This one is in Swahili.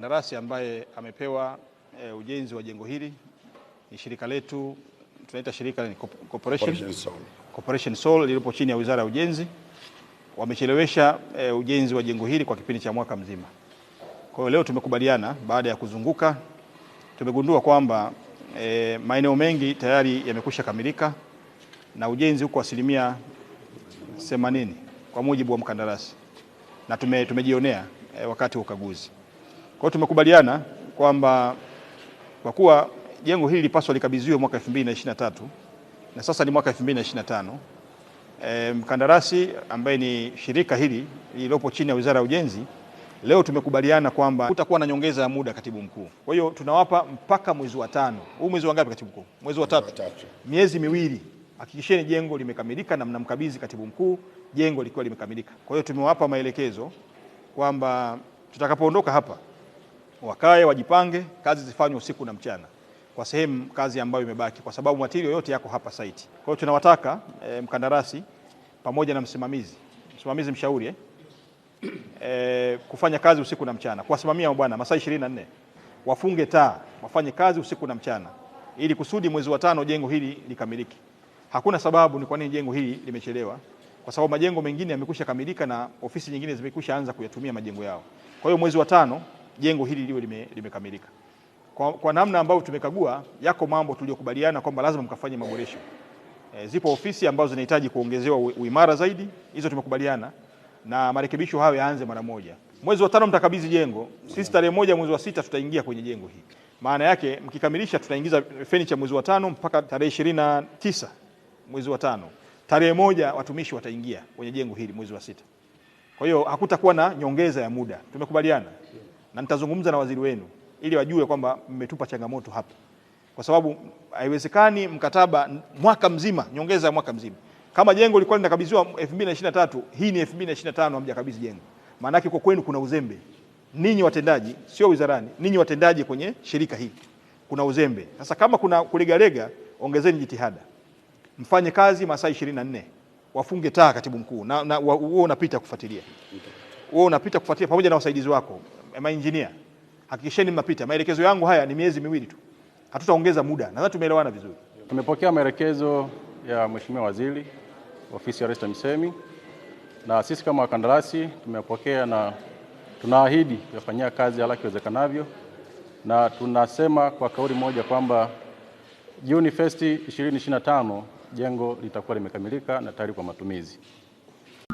kandarasi ambaye amepewa e, ujenzi wa jengo hili ni shirika letu tunaita shirika ni Corporation, Corporation Soul lilipo chini ya Wizara ya Ujenzi. Wamechelewesha e, ujenzi wa jengo hili kwa kipindi cha mwaka mzima. Kwa hiyo leo tumekubaliana, baada ya kuzunguka, tumegundua kwamba e, maeneo mengi tayari yamekwisha kamilika na ujenzi huko asilimia 80 kwa mujibu wa mkandarasi, na tume, tumejionea e, wakati wa ukaguzi. Kwa hiyo tumekubaliana kwamba kwa kuwa jengo hili lipaswa likabidhiwe mwaka 2023 na sasa ni mwaka 2025, e, mkandarasi ambaye ni shirika hili lililopo chini ya Wizara ya Ujenzi leo tumekubaliana kwamba kutakuwa na nyongeza ya muda, katibu mkuu. Kwa hiyo tunawapa mpaka mwezi wa tano. Huu mwezi wa ngapi, katibu mkuu? Mwezi wa tatu, miezi miwili. Hakikisheni jengo limekamilika na mnamkabidhi katibu mkuu jengo likiwa limekamilika. Kwa hiyo tumewapa maelekezo kwamba tutakapoondoka hapa wakae wajipange, kazi zifanywe usiku na mchana kwa sehemu kazi ambayo imebaki, kwa sababu matirio yote yako hapa site. Kwa hiyo tunawataka e, mkandarasi pamoja na msimamizi msimamizi mshauri eh, e, kufanya kazi usiku na mchana, kuwasimamia bwana masaa 24, wafunge taa, wafanye kazi usiku na mchana ili kusudi mwezi wa tano jengo hili likamiliki. Hakuna sababu ni kwa nini jengo hili limechelewa, kwa sababu majengo mengine yamekwisha kamilika na ofisi nyingine zimekwisha anza kuyatumia majengo yao. Kwa hiyo mwezi wa tano jengo hili liwe lime, Kwa, kwa namna ambayo tumekagua, yako mambo tuliyokubaliana kwamba lazima mkafanye maboresho. E, zipo ofisi ambazo zinahitaji kuongezewa uimara zaidi, hizo tumekubaliana na marekebisho hayo yaanze mara moja. Mwezi wa tano mtakabidhi jengo, sisi tarehe moja mwezi wa sita tutaingia kwenye jengo hili. Maana yake mkikamilisha, tutaingiza furniture mwezi wa tano mpaka tarehe ishirini na tisa mwezi wa tano. Tarehe moja watumishi wataingia kwenye jengo hili mwezi wa sita. Kwa hiyo hakutakuwa na nyongeza ya muda, tumekubaliana na nitazungumza na waziri wenu ili wajue kwamba mmetupa changamoto hapa, kwa sababu haiwezekani mkataba mwaka mzima, nyongeza ya mwaka mzima. Kama jengo lilikuwa linakabidhiwa 2023 hii ni 2025 hamjakabidhi jengo, maana yake kwa kwenu kuna uzembe. Ninyi watendaji, sio wizarani, ninyi watendaji kwenye shirika hii kuna uzembe. Sasa kama kuna kulegalega, ongezeni jitihada, mfanye kazi masaa 24 wafunge taa, katibu mkuu, na, na, wewe unapita kufuatilia, wewe unapita kufuatilia pamoja na wasaidizi wako mainjinia, hakikisheni mnapita maelekezo yangu haya. Ni miezi miwili tu, hatutaongeza muda. Nadhani tumeelewana vizuri. Tumepokea maelekezo ya Mheshimiwa Waziri, ofisi ya Rais TAMISEMI, na sisi kama wakandarasi tumepokea na tunaahidi kuyafanyia kazi haraka iwezekanavyo, na tunasema kwa kauli moja kwamba Juni 1, 2025 jengo litakuwa limekamilika na tayari kwa matumizi.